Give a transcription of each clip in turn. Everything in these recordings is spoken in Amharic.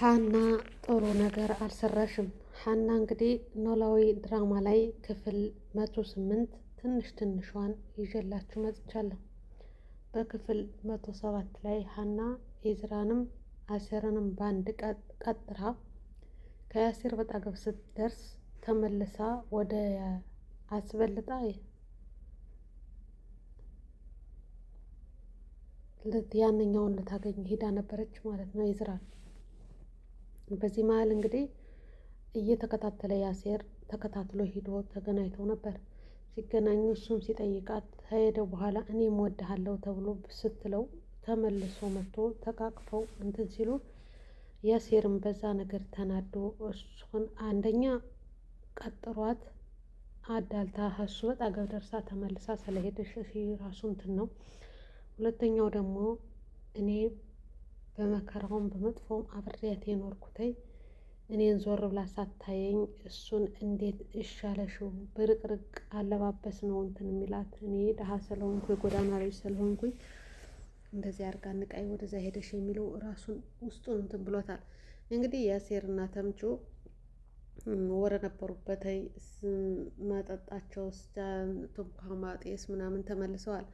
ሀና ጥሩ ነገር አልሰራሽም። ሀና እንግዲህ ኖላዊ ድራማ ላይ ክፍል መቶ ስምንት ትንሽ ትንሿን ይዤላችሁ መጥቻለሁ። በክፍል መቶ ሰባት ላይ ሀና ኤዝራንም አሴርንም በአንድ ቀጥራ ከአሴር በጣገብ ስትደርስ ተመልሳ ወደ አስበልጣ ያንኛውን ልታገኝ ሄዳ ነበረች ማለት ነው ኤዝራን በዚህ መሀል እንግዲህ እየተከታተለ ያሴር ተከታትሎ ሂዶ ተገናኝተው ነበር። ሲገናኙ እሱም ሲጠይቃት ከሄደ በኋላ እኔም ወድሃለሁ ተብሎ ስትለው ተመልሶ መጥቶ ተቃቅፈው እንትን ሲሉ ያሴርም በዛ ነገር ተናዶ እሱን አንደኛ ቀጥሯት አዳልታ እሱ በጣም ደርሳ ተመልሳ ስለሄደሽ ራሱ እንትን ነው። ሁለተኛው ደግሞ እኔ በመከራውም በመጥፎም አብሬያት የኖርኩተኝ እኔን ዞር ብላ ሳታየኝ እሱን እንዴት እሻለሽው ብርቅርቅ አለባበስ ነው እንትን የሚላት እኔ ደሀ ስለሆንኩ የጎዳና ልጅ ስለሆንኩኝ እንደዚህ አርጋ ንቃይ ወደዛ ሄደሽ የሚለው ራሱን ውስጡን እንትን ብሎታል። እንግዲህ የአሴርና ተምቹ ወደ ነበሩበት መጠጣቸው ስ ቱምኳ ማጤስ ምናምን ተመልሰዋል።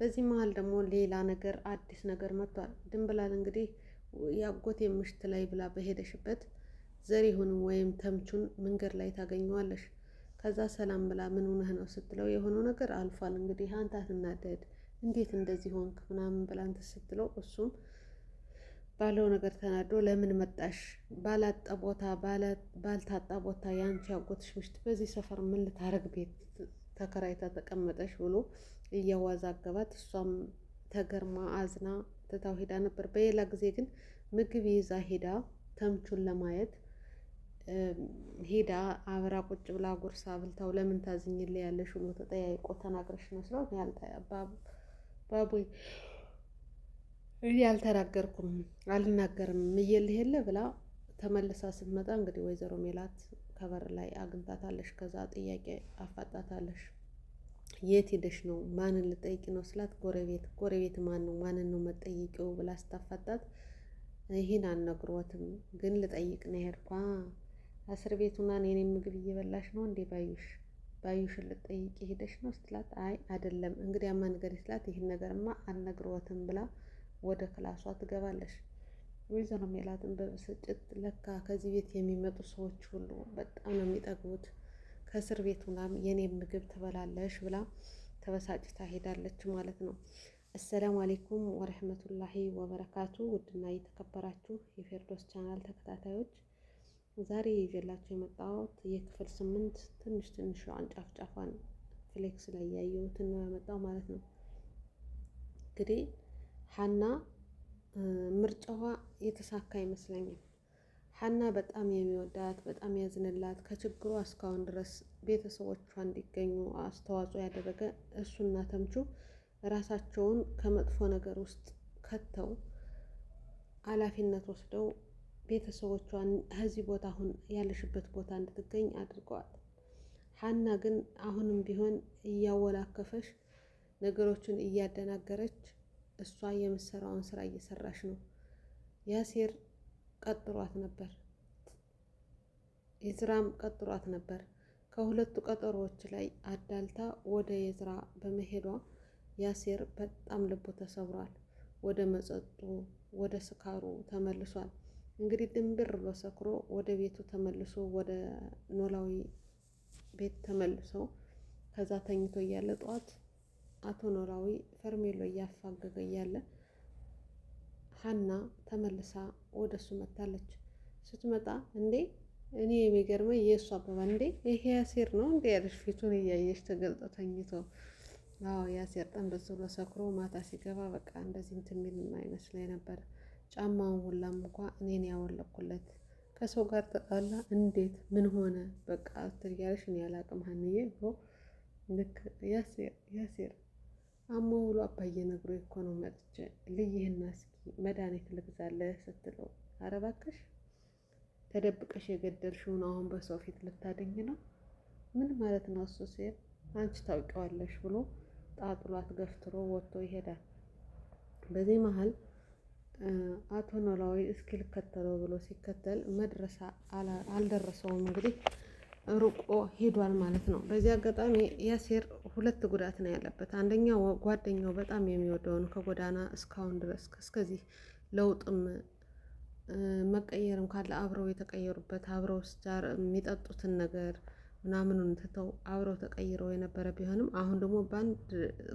በዚህ መሀል ደግሞ ሌላ ነገር አዲስ ነገር መጥቷል። ድንብላል እንግዲህ የአጎቴ ምሽት ላይ ብላ በሄደሽበት ዘሪሁን ወይም ተምቹን መንገድ ላይ ታገኘዋለሽ። ከዛ ሰላም ብላ ምን ሆነህ ነው ስትለው የሆነው ነገር አልፏል እንግዲህ አንተ አትናደድ እንዴት እንደዚህ ሆንክ ምናምን ብላ ስትለው እሱም ባለው ነገር ተናዶ ለምን መጣሽ ባላጣ ቦታ ባልታጣ ቦታ የአንቺ አጎትሽ ምሽት በዚህ ሰፈር ምን ልታረግ ቤት ተከራይታ ተቀመጠሽ ብሎ እያዋዛገባት እሷም ተገርማ አዝና ትታው ሄዳ ነበር። በሌላ ጊዜ ግን ምግብ ይዛ ሄዳ ተምቹን ለማየት ሄዳ አብራ ቁጭ ብላ ጉርሳ ብልታው ለምን ታዝኝል ያለሽ ሁሉ ተጠያይቆ ተናግረሽ መስለው ባቡይ አልተናገርኩም አልናገርም እየልህ የለ ብላ ተመልሳ ስትመጣ እንግዲህ ወይዘሮ ሜላት ከበር ላይ አግኝታታለሽ። ከዛ ጥያቄ አፋጣታለሽ። የት ሄደሽ ነው? ማንን ልጠይቅ ነው ስላት ጎረቤት። ጎረቤት ማን ነው? ማንን ነው መጠይቂው ብላ ስታፋጣት ይህን አልነግሮትም፣ ግን ልጠይቅ ነው ሄድኳ። እስር ቤት ሆና ምግብ እየበላሽ ነው እንዴ? ባዩሽ ባዩሽን ልጠይቅ ሄደሽ ነው ስትላት፣ አይ አይደለም፣ እንግዲህ አማ ነገር ስላት፣ ይህን ነገርማ አልነግሮትም ብላ ወደ ክላሷ ትገባለሽ። ወይዘሮ ሜላትን በብስጭት ለካ ከዚህ ቤት የሚመጡ ሰዎች ሁሉ በጣም ነው የሚጠግቡት ከእስር ቤት ምናም የኔም ምግብ ትበላለሽ ብላ ተበሳጭታ ሄዳለች ማለት ነው። አሰላሙ አሌይኩም ወረህመቱላሂ ወበረካቱ። ውድና የተከበራችሁ የፌርዶስ ቻናል ተከታታዮች ዛሬ ይዤላችሁ የመጣሁት የክፍል ስምንት ትንሽ ትንሽ አንጫፍጫፏን ፍሌክስ ላይ ያየሁትን ነው ያመጣው ማለት ነው። እንግዲህ ሀና ምርጫዋ የተሳካ አይመስለኝም። ሀና በጣም የሚወዳት በጣም ያዝንላት ከችግሯ እስካሁን ድረስ ቤተሰቦቿ እንዲገኙ አስተዋጽኦ ያደረገ እሱና ተምቹ ራሳቸውን ከመጥፎ ነገር ውስጥ ከተው ኃላፊነት ወስደው ቤተሰቦቿን ከዚህ ቦታ አሁን ያለሽበት ቦታ እንድትገኝ አድርገዋል። ሀና ግን አሁንም ቢሆን እያወላከፈሽ ነገሮችን እያደናገረች እሷ የምትሰራውን ስራ እየሰራች ነው ያሴር ቀጥሯት ነበር የዝራም ቀጥሯት ነበር። ከሁለቱ ቀጠሮዎች ላይ አዳልታ ወደ የዝራ በመሄዷ ያሴር በጣም ልቡ ተሰብሯል። ወደ መጠጡ ወደ ስካሩ ተመልሷል። እንግዲህ ድንብር ብሎ ሰክሮ ወደ ቤቱ ተመልሶ ወደ ኖላዊ ቤት ተመልሶ ከዛ ተኝቶ እያለ ጠዋት አቶ ኖላዊ ፈርሜሎ እያፋገገ እያለ ሀና ተመልሳ ወደ እሱ መታለች። ስትመጣ እንዴ እኔ የሚገርመኝ የእሱ አበባ እንዴ ይሄ ያሴር ነው እንዴ ያለች ፊቱን እያየች ተገልጦ ተኝቶ አዎ ያሴር ጠንበዝ ብሎ ሰክሮ ማታ ሲገባ በቃ እንደዚህ እንትን የሚል አይመስለኝ ነበር። ጫማውን ሁላም እንኳ እኔን ያወለኩለት ከሰው ጋር ተጣላ እንዴት ምን ሆነ በቃ ትያለሽ እኔ ያላቅም ሀንዬ ልክ ያሴር ያሴር አሞ ውሎ አባዬ ነግሮ እኮ ነው መጥቼ ልይህና እስኪ መድኃኒት ልግዛለህ ስትለው አረ እባክሽ ተደብቀሽ የገደልሽውን አሁን በሰው ፊት ልታደኝ ነው? ምን ማለት ነው እሱ ሲል አንቺ ታውቂዋለሽ ብሎ ጣጥሏት ገፍትሮ ወጥቶ ይሄዳል። በዚህ መሀል አቶ ኖላዊ እስኪ ልከተለው ብሎ ሲከተል መድረሳ አልደረሰውም እንግዲህ ርቆ ሄዷል ማለት ነው። በዚህ አጋጣሚ ያሲር ሁለት ጉዳት ነው ያለበት። አንደኛው ጓደኛው በጣም የሚወደውን ከጎዳና እስካሁን ድረስ እስከዚህ ለውጥም መቀየርም ካለ አብረው የተቀየሩበት አብረው ስጃር የሚጠጡትን ነገር ምናምኑን ትተው አብረው ተቀይረው የነበረ ቢሆንም አሁን ደግሞ በአንድ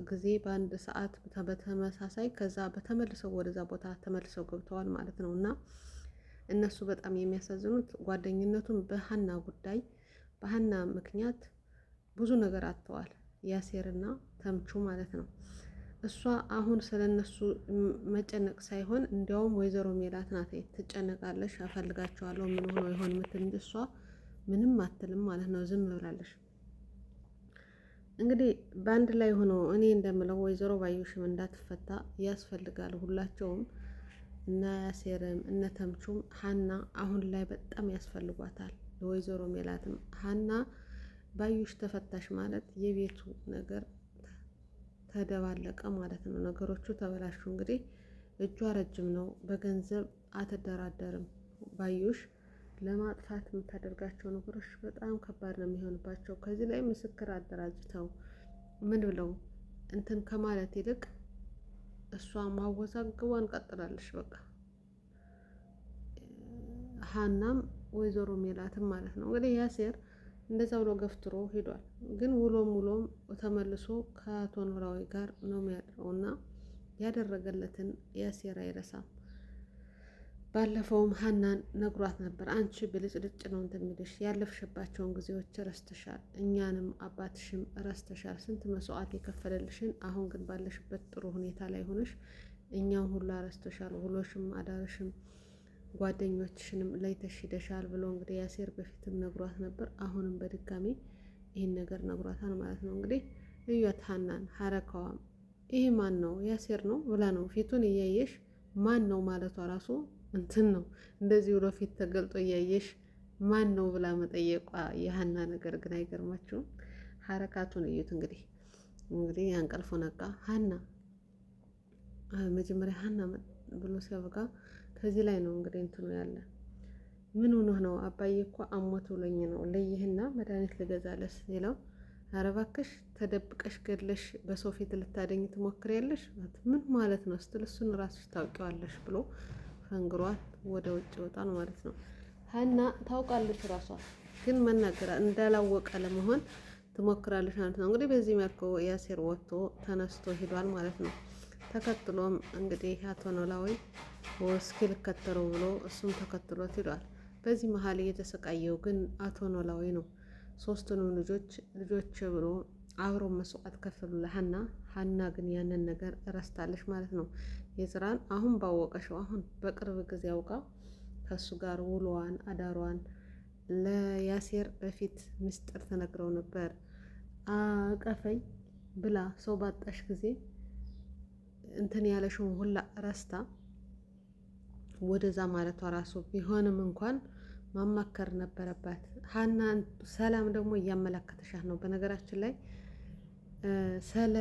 ጊዜ በአንድ ሰዓት በተመሳሳይ ከዛ በተመልሰው ወደዛ ቦታ ተመልሰው ገብተዋል ማለት ነው እና እነሱ በጣም የሚያሳዝኑት ጓደኝነቱን በሀና ጉዳይ በሀና ምክንያት ብዙ ነገር አጥተዋል። ያሴርና ተምቹ ማለት ነው። እሷ አሁን ስለነሱ መጨነቅ ሳይሆን እንዲያውም ወይዘሮ ሜላት ናት ትጨነቃለሽ፣ አፈልጋቸዋለሁ ምን ሆኖ ይሆን ምትል እንጂ እሷ ምንም አትልም ማለት ነው። ዝም ብላለሽ። እንግዲህ በአንድ ላይ ሆኖ እኔ እንደምለው ወይዘሮ ባዩሽም እንዳትፈታ ያስፈልጋል። ሁላቸውም እነ ያሴርም እነ ተምቹም ሀና አሁን ላይ በጣም ያስፈልጓታል። ለወይዘሮ ሜላትም ሀና ባዩሽ ተፈታሽ ማለት የቤቱ ነገር ተደባለቀ ማለት ነው። ነገሮቹ ተበላሹ። እንግዲህ እጇ ረጅም ነው። በገንዘብ አትደራደርም። ባዩሽ ለማጥፋት የምታደርጋቸው ነገሮች በጣም ከባድ ነው የሚሆንባቸው። ከዚህ ላይ ምስክር አደራጅተው ምን ብለው እንትን ከማለት ይልቅ እሷ ማወዛግቧን ቀጥላለች። በቃ ሀናም ወይዘሮ ሜላትም ማለት ነው። እንግዲህ ያሴር እንደዛ ብሎ ገፍትሮ ሄዷል። ግን ውሎም ውሎም ተመልሶ ከአቶ ኖላዊ ጋር ነው የሚያድረው እና ያደረገለትን ያሴር አይረሳም። ባለፈውም ሀናን ነግሯት ነበር። አንቺ ብልጭልጭ ነው እንደሚልሽ ያለፍሽባቸውን ጊዜዎች ረስተሻል፣ እኛንም አባትሽም ረስተሻል። ስንት መስዋዕት የከፈለልሽን አሁን ግን ባለሽበት ጥሩ ሁኔታ ላይ ሆነሽ እኛም ሁላ ረስተሻል። ውሎሽም አዳርሽም ጓደኞችሽንም ላይ ተሽደሻል ብሎ እንግዲህ ያሴር በፊትም ነግሯት ነበር። አሁንም በድጋሚ ይህን ነገር ነግሯታል ማለት ነው። እንግዲህ እዩት ሀናን ሀረካዋም ይህ ማን ነው ያሴር ነው ብላ ነው ፊቱን እያየሽ ማን ነው ማለቷ ራሱ እንትን ነው። እንደዚህ ብሎ ፊት ተገልጦ እያየሽ ማን ነው ብላ መጠየቋ የሀና ነገር ግን አይገርማችሁም? ሀረካቱን እዩት እንግዲህ እንግዲህ ያንቀልፎ ነቃ ሀና መጀመሪያ ሀና ብሎ ሲያበቃ ከዚህ ላይ ነው እንግዲህ እንትኑ ያለ ምን ሆኖ ነው አባዬ እኮ አሞት ብሎኝ ነው ለይህና መድኃኒት ልገዛለስ ሲለው ኧረ እባክሽ ተደብቀሽ ገድለሽ በሰው ፊት ልታደኝ ትሞክሪያለሽ ምን ማለት ነው ስትል እሱን ራስሽ ታውቂዋለሽ ብሎ ፈንግሯት ወደ ውጭ ነው ማለት ነው ሀና ታውቃለች ራሷ ግን መናገር እንዳላወቀ ለመሆን ትሞክራለች ማለት ነው እንግዲህ በዚህ መልኩ ያሴር ወጥቶ ተነስቶ ሂዷል ማለት ነው ተከትሎም እንግዲህ አቶ ኖላዊ ወስኪ ልከተለው ብሎ እሱም ተከትሎት ይሏል። በዚህ መሀል እየተሰቃየው ግን አቶ ኖላዊ ነው። ሶስቱንም ልጆች ልጆች ብሎ አብሮ መስዋዕት ከፈሉ ለሀና ሀና ግን ያንን ነገር እረስታለች ማለት ነው። የስራን አሁን ባወቀሽው አሁን በቅርብ ጊዜ አውቃ ከእሱ ጋር ውሎዋን አዳሯን ለያሴር በፊት ምስጢር ተነግረው ነበር። አቀፈኝ ብላ ሰው ባጣሽ ጊዜ እንትን ያለሽውን ሁላ ረስታ ወደዛ ማለቷ ራሱ ቢሆንም እንኳን ማማከር ነበረባት። ሀና ሰላም ደግሞ እያመላከተሻት ነው። በነገራችን ላይ ስለ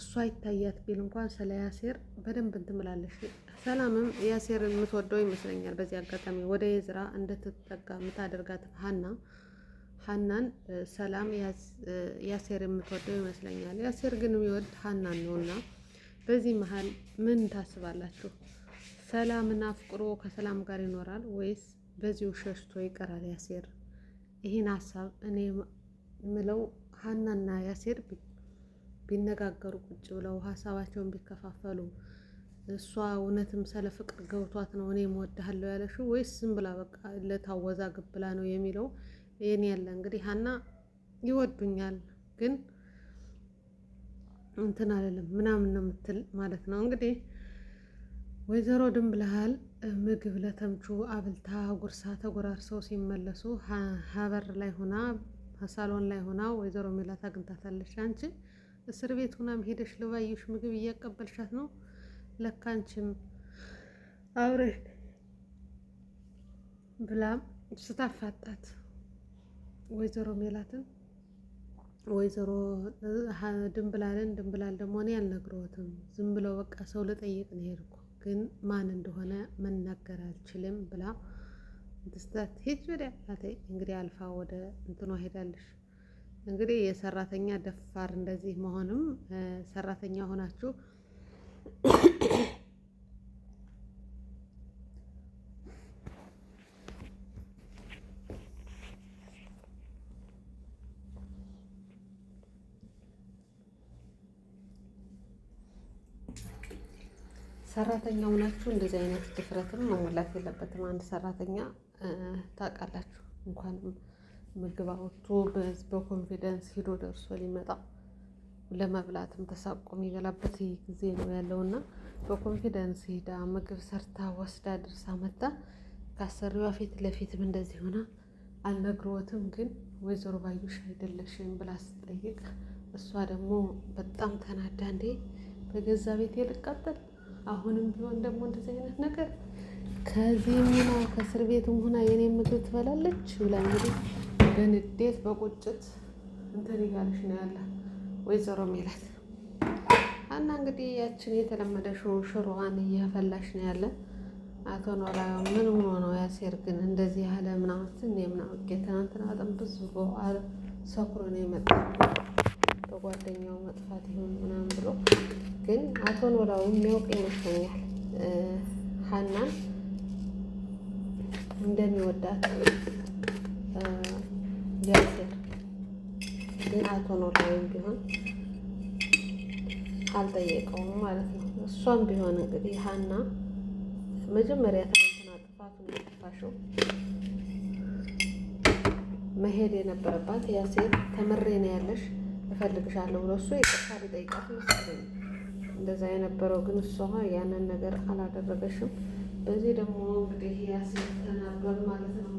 እሷ ይታያት ቢል እንኳን ስለ ያሴር በደንብ እንትምላለሽ። ሰላምም ያሴር የምትወደው ይመስለኛል። በዚህ አጋጣሚ ወደ የዝራ እንደትጠጋ የምታደርጋት ሀና ሀናን ሰላም ያሴር የምትወደው ይመስለኛል። ያሴር ግን የሚወድ ሀናን ነውና በዚህ መሀል ምን ታስባላችሁ? ሰላምና አፍቅሮ ከሰላም ጋር ይኖራል ወይስ በዚሁ ሸሽቶ ይቀራል? ያሴር ይህን ሀሳብ እኔ ምለው ሀናና ያሴር ቢነጋገሩ ቁጭ ብለው ሀሳባቸውን ቢከፋፈሉ እሷ እውነትም ስለ ፍቅር ገብቷት ነው እኔ እወድሃለሁ ያለሽው ወይስ ዝም ብላ በቃ ለታወዛ ግብላ ነው የሚለው ይህን ያለ እንግዲህ ሀና ይወዱኛል ግን እንትን አልልም ምናምን ነው የምትል ማለት ነው እንግዲህ ወይዘሮ ድንብልሃል ምግብ ለተምቹ አብልታ ጉርሳ ተጎራርሰው ሲመለሱ ሀበር ላይ ሆና ሳሎን ላይ ሆና ወይዘሮ ሜላት አግኝታታለች። አንቺ እስር ቤት ሁናም ሄደሽ ልባዩሽ ምግብ እያቀበልሻት ነው ለካ አንቺም ብላም ስታፋጣት ወይዘሮ ሜላትን ወይዘሮ ድንብላልን ድንብላል ደግሞ እኔ አልነግረዎትም። ዝም ብለው በቃ ሰው ልጠይቅ ነው ሄድኩ፣ ግን ማን እንደሆነ መናገር አልችልም ብላ እንትስታት ሂጅ ወዲያ አላተኝ። እንግዲህ አልፋ ወደ እንትኖ ሄዳለሽ። እንግዲህ የሰራተኛ ደፋር እንደዚህ መሆንም ሰራተኛ ሆናችሁ ሰራተኛ ሆናችሁ እንደዚህ አይነት ድፍረትም መሞላት የለበትም። አንድ ሰራተኛ ታውቃላችሁ፣ እንኳንም ምግብ አውጥቶ በኮንፊደንስ ሂዶ ደርሶ ሊመጣ ለመብላትም ተሳቆ የሚበላበት ጊዜ ነው ያለውና በኮንፊደንስ ሄዳ ምግብ ሰርታ ወስዳ ድርሳ መጣ ከአሰሪዋ ፊት ለፊትም እንደዚህ ሆና አልነግሮትም፣ ግን ወይዘሮ ባዩሽ አይደለሽም ብላ ስጠይቅ እሷ ደግሞ በጣም ተናዳ እንዴ በገዛ ቤት የልቃጠል አሁንም ቢሆን ደግሞ እንደዚህ አይነት ነገር ከዚህ ሚና ከእስር ቤትም ሆና የኔ ምግብ ትበላለች ብላ እንግዲህ በንዴት በቁጭት እንትን እያለች ነው ያለ ወይዘሮ ሜላት እና እንግዲህ ያችን የተለመደ ሽሮዋን እያፈላሽ ነው ያለ አቶ ኖላ ምን ሆኖ ነው ያሴር ግን እንደዚህ ያለ ምናምን ትን ምናምን ትናንትና በጣም ብዙ ሰኩሮ ነው የመጣ በጓደኛው መጥፋት ይሁን ምናምን ብሎ ግን አቶ ኖላዊ የሚያውቅ ይመስለኛል ሀናን እንደሚወዳት ያስር ግን አቶ ኖላዊም ቢሆን አልጠየቀውም ማለት ነው። እሷም ቢሆን እንግዲህ ሀና መጀመሪያ ትናንትና ጥፋቱን የጠፋሽው መሄድ የነበረባት ያሴት ተምሬ ነው ያለሽ እፈልግሻለሁ ብሎ እሱ ይቅርታ ሊጠይቃት መሰለኝ እንደዛ የነበረው ግን እሷ ያንን ነገር አላደረገሽም። በዚህ ደግሞ እንግዲህ ያስተናገር ማለት ነው።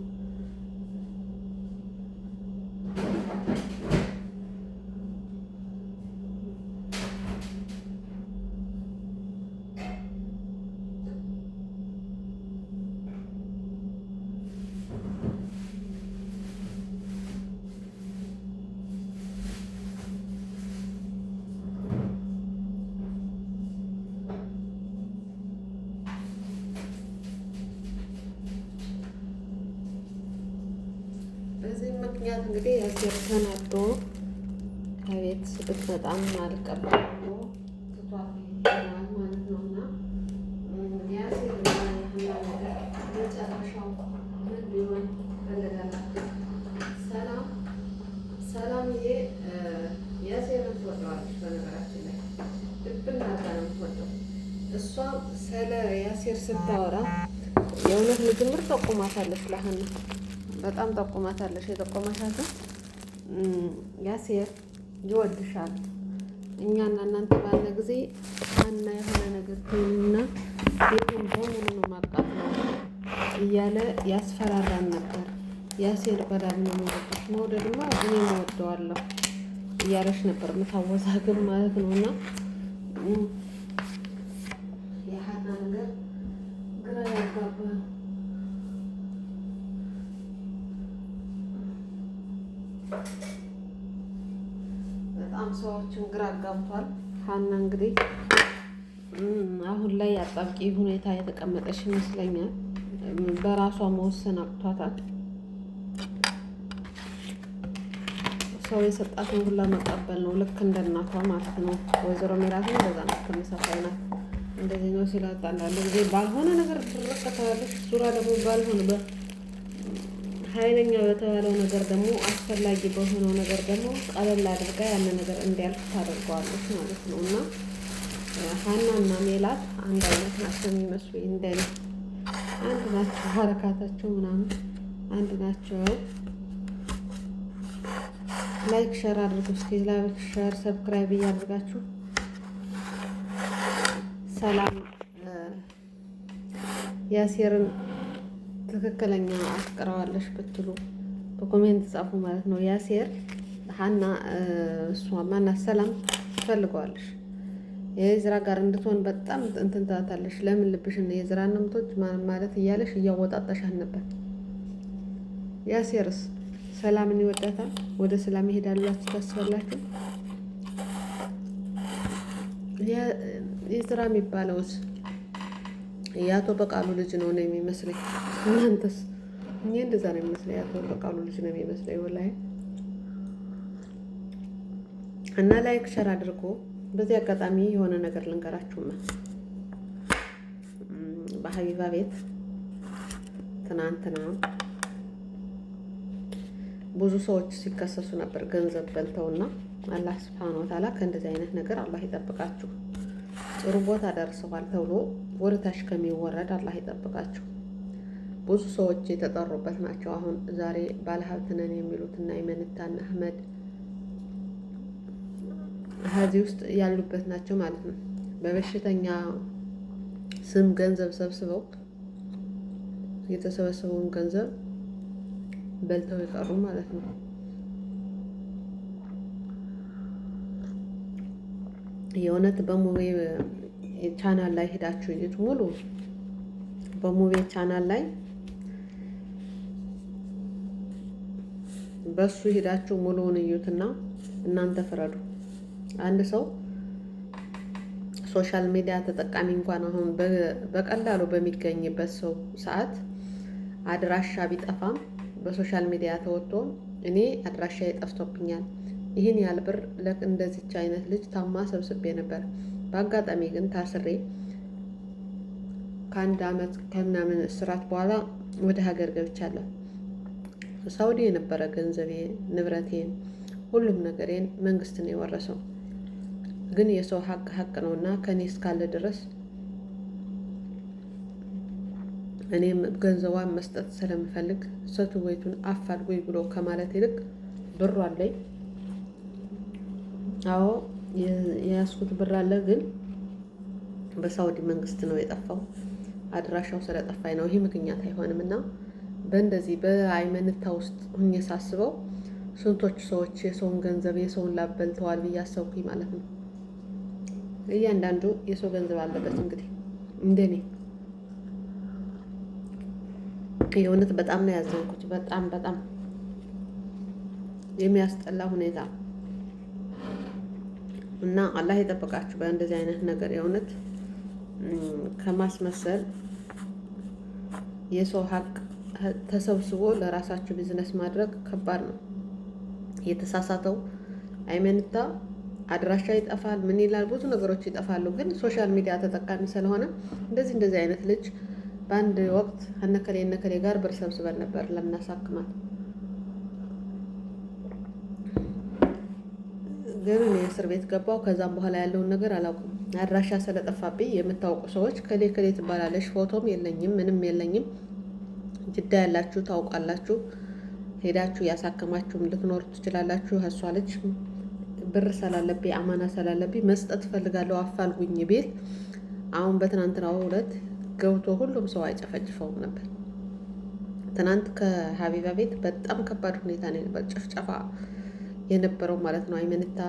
ያት እንግዲህ አየር ተናዶ ከቤት ብትመጣም በጣም ትቷት ሰላም ሰላምዬ ያሲርን ትወደዋለች። እሷ ስለ ያሲር ስታወራ የእውነት ንግምር ተቆማታለች ለሀና በጣም ጠቁማታለሽ። የጠቆመሻትን ያሴር ይወድሻል። እኛና እናንተ ባለ ጊዜ አና የሆነ ነገር ትንና ቤቱን በሙሉ ነው ማቃት ነው እያለ ያስፈራራን ነበር። ያሴር በላል ነው መወደሽ መውደድማ እኔ መወደዋለሁ እያለሽ ነበር የምታወዛግብ ማለት ነው እና ሰዎችም ግራ አጋብቷል። ሀና እንግዲህ አሁን ላይ አጣብቂ ሁኔታ የተቀመጠች ይመስለኛል። በራሷ መወሰን አቅቷታል። ሰው የሰጣትን ሁላ መቀበል ነው። ልክ እንደ እናቷ ማለት ነው። ወይዘሮ ሜራትን በዛ ነው ተመሳሳይ ናት። እንደዚህ ነው ሲላጣ አንዳንድ ጊዜ ባልሆነ ነገር ትረከታለች። ዙራ ደግሞ ባልሆነ ኃይለኛ በተባለው ነገር ደግሞ አስፈላጊ በሆነው ነገር ደግሞ ቀለል አድርጋ ያንን ነገር እንዲያልፍ ታደርገዋለች ማለት ነው። እና ሀና ሀናና ሜላት አንድ አይነት ናቸው የሚመስሉ እንደኔ አንድ ናቸው። ሀረካታቸው ምናምን አንድ ናቸው። ላይክ ሸር አድርጉ እስኪ። ላይክ ሸር ሰብስክራይብ እያደርጋችሁ ሰላም ያሴርን ትክክለኛ አፍቅረዋለሽ ብትሉ በኮሜንት ጻፉ ማለት ነው። ያሴር ሀና እሷ ማና ሰላም ትፈልገዋለሽ። የዝራ ጋር እንድትሆን በጣም እንትን ትላታለሽ። ለምን ልብሽን የዝራ ነምቶች ማለት እያለሽ እያወጣጠሻት ነበር። ያሴርስ ሰላምን ይወዳታል። ወደ ሰላም ይሄዳላችሁ ታስባላችሁ። የዝራ የሚባለውስ የአቶ በቃሉ ልጅ ነው ነው የሚመስለኝ። እናንተስ? እኔ እንደዛ ነው የሚመስለኝ። የአቶ በቃሉ ልጅ ነው የሚመስለኝ ወላሂ። እና ላይክ ሸር አድርጎ በዚህ አጋጣሚ የሆነ ነገር ልንገራችሁማ። በሀቢባ ቤት ትናንትና ብዙ ሰዎች ሲከሰሱ ነበር ገንዘብ በልተውና አላህ ስብሐነ ወተዓላ ከእንደዚህ አይነት ነገር አላህ ይጠብቃችሁ። ጥሩ ቦታ ደርሰዋል ተብሎ ወደ ታች ከሚወረድ አላህ ይጠብቃቸው። ብዙ ሰዎች የተጠሩበት ናቸው። አሁን ዛሬ ባለሀብት ነን የሚሉትና የመንታና አህመድ ሀዚህ ውስጥ ያሉበት ናቸው ማለት ነው። በበሽተኛ ስም ገንዘብ ሰብስበው የተሰበሰበውን ገንዘብ በልተው የቀሩ ማለት ነው። የእውነት በሙቤ ቻናል ላይ ሄዳችሁ እዩት። ሙሉ በሙቤ ቻናል ላይ በሱ ሄዳችሁ ሙሉውን እዩትና እናንተ ፍረዱ። አንድ ሰው ሶሻል ሚዲያ ተጠቃሚ እንኳን አሁን በቀላሉ በሚገኝበት ሰው ሰዓት አድራሻ ቢጠፋም በሶሻል ሚዲያ ተወጥቶ እኔ አድራሻ ይጠፍቶብኛል ይህን ያህል ብር እንደዚች አይነት ልጅ ታማ ሰብስቤ ነበር። በአጋጣሚ ግን ታስሬ ከአንድ አመት ከምናምን እስራት በኋላ ወደ ሀገር ገብቻለሁ። ሳውዲ የነበረ ገንዘቤ፣ ንብረቴን፣ ሁሉም ነገሬን መንግስት ነው የወረሰው። ግን የሰው ሀቅ ሀቅ ነው እና ከእኔ እስካለ ድረስ እኔም ገንዘቧን መስጠት ስለምፈልግ ሰቱ ወይቱን አፋልጉኝ ብሎ ከማለት ይልቅ ብሯ አለኝ አዎ የያዝኩት ብር አለ፣ ግን በሳውዲ መንግስት ነው የጠፋው። አድራሻው ስለጠፋኝ ነው። ይሄ ምክንያት አይሆንም እና በእንደዚህ በአይመንታ ውስጥ ሁኜ ሳስበው ስንቶች ሰዎች የሰውን ገንዘብ የሰውን ላብ በልተዋል ብዬ አሰብኩኝ ማለት ነው። እያንዳንዱ የሰው ገንዘብ አለበት እንግዲህ እንደኔ የእውነት በጣም ነው ያዘንኩት። በጣም በጣም የሚያስጠላ ሁኔታ እና አላህ የጠበቃችሁ በእንደዚህ አይነት ነገር የእውነት ከማስመሰል የሰው ሀቅ ተሰብስቦ ለራሳችሁ ቢዝነስ ማድረግ ከባድ ነው። የተሳሳተው አይመንታ አድራሻ ይጠፋል፣ ምን ይላል፣ ብዙ ነገሮች ይጠፋሉ። ግን ሶሻል ሚዲያ ተጠቃሚ ስለሆነ እንደዚህ እንደዚህ አይነት ልጅ በአንድ ወቅት እነከሌ እነከሌ ጋር ብር ሰብስበን ነበር ለምናሳክማት ግን እኔ እስር ቤት ገባው። ከዛም በኋላ ያለውን ነገር አላውቅም። አድራሻ ስለጠፋብኝ የምታውቁ ሰዎች ከሌ ከሌ ትባላለች። ፎቶም የለኝም፣ ምንም የለኝም። ጅዳ ያላችሁ ታውቃላችሁ፣ ሄዳችሁ ያሳከማችሁም ልትኖሩ ትችላላችሁ። እሷ ልጅ ብር ስላለብኝ አማና ስላለብኝ መስጠት እፈልጋለሁ፣ አፋልጉኝ ቤት አሁን በትናንትናው ዕለት ገብቶ ሁሉም ሰው አይጨፈጭፈውም ነበር። ትናንት ከሀቢባ ቤት በጣም ከባድ ሁኔታ ነው ነበር ጭፍጨፋ የነበረው ማለት ነው። አይመንታ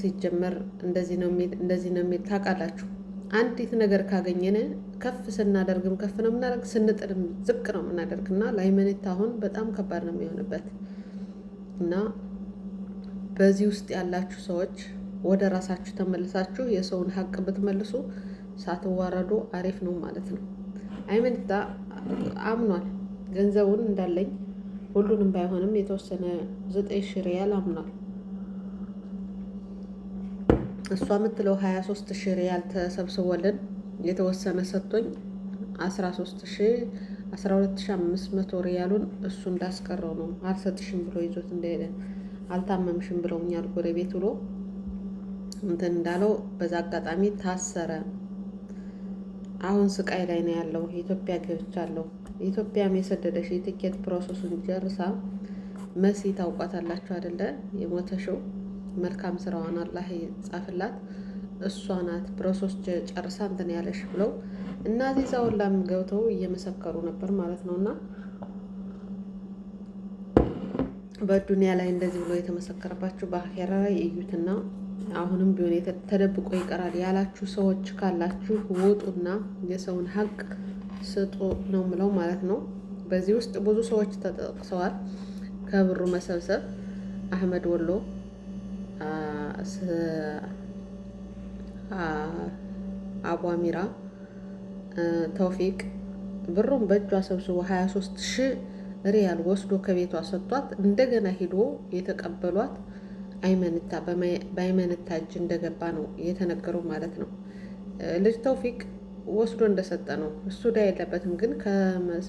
ሲጀመር እንደዚህ ነው እንደዚህ ነው የሚል ታውቃላችሁ። አንዲት ነገር ካገኘን ከፍ ስናደርግም ከፍ ነው የምናደርግ፣ ስንጥልም ዝቅ ነው የምናደርግ እና ለአይመንታ አሁን በጣም ከባድ ነው የሚሆንበት እና በዚህ ውስጥ ያላችሁ ሰዎች ወደ ራሳችሁ ተመልሳችሁ የሰውን ሀቅ ብትመልሱ ሳትዋረዱ አሪፍ ነው ማለት ነው። አይመንታ አምኗል ገንዘቡን እንዳለኝ ሁሉንም ባይሆንም የተወሰነ ዘጠኝ ሺ ሪያል አምኗል። እሷ የምትለው ሀያ ሶስት ሺ ሪያል ተሰብስቦልን የተወሰነ ሰጥቶኝ አስራ ሶስት ሺ አስራ ሁለት ሺ አምስት መቶ ሪያሉን እሱ እንዳስቀረው ነው። አልሰጥሽም ብሎ ይዞት እንደሄደ አልታመምሽም ብለውኛል ጎረቤት ብሎ እንትን እንዳለው በዛ አጋጣሚ ታሰረ። አሁን ስቃይ ላይ ነው ያለው። ኢትዮጵያ ገብቻለሁ። ኢትዮጵያም የሰደደሽ የትኬት ፕሮሰሱን ጀርሳ መሲ ታውቋታላችሁ አይደለ? የሞተሽው መልካም ስራዋን አላህ ጻፍላት እሷ ናት ፕሮሰስ ጨርሳ እንትን ያለሽ ብለው እናዚህ ዛውላም ገብተው እየመሰከሩ ነበር ማለት ነው እና በዱንያ ላይ እንደዚህ ብሎ የተመሰከረባችሁ በአኼራ የእዩትና አሁንም ቢሆን ተደብቆ ይቀራል ያላችሁ ሰዎች ካላችሁ ውጡና የሰውን ሀቅ ስጡ ነው ምለው ማለት ነው። በዚህ ውስጥ ብዙ ሰዎች ተጠቅሰዋል። ከብሩ መሰብሰብ አህመድ ወሎ አቧሚራ ተውፊቅ ብሩም በእጇ ሰብስቦ 23 ሺህ ሪያል ወስዶ ከቤቷ ሰጥቷት እንደገና ሂዶ የተቀበሏት አይመንታ በአይመንታ እጅ እንደገባ ነው የተነገረው ማለት ነው። ልጅ ተውፊቅ ወስዶ እንደሰጠ ነው። እሱ ዳ የለበትም፣ ግን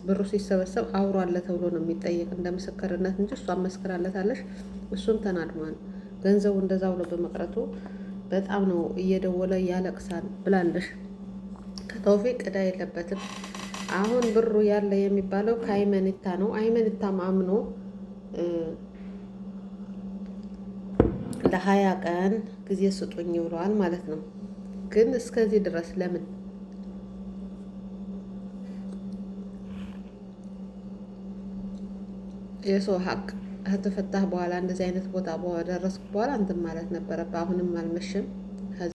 ብሩ ሲሰበሰብ አውሯለ ተብሎ ነው የሚጠየቅ እንደ ምስክርነት እንጂ እሷ መስክራለታለች። እሱም ተናድሟል። ገንዘቡ እንደዛ ብሎ በመቅረቱ በጣም ነው እየደወለ ያለቅሳል ብላለሽ። ከተውፊቅ ዕዳ የለበትም። አሁን ብሩ ያለ የሚባለው ከአይመንታ ነው። አይመንታ ማምኖ ለሀያ ቀን ጊዜ ስጡኝ ብለዋል ማለት ነው። ግን እስከዚህ ድረስ ለምን የሰው ሀቅ ከተፈታህ በኋላ እንደዚህ አይነት ቦታ ደረስኩ በኋላ እንትን ማለት ነበረብህ። አሁንም አልመሽም።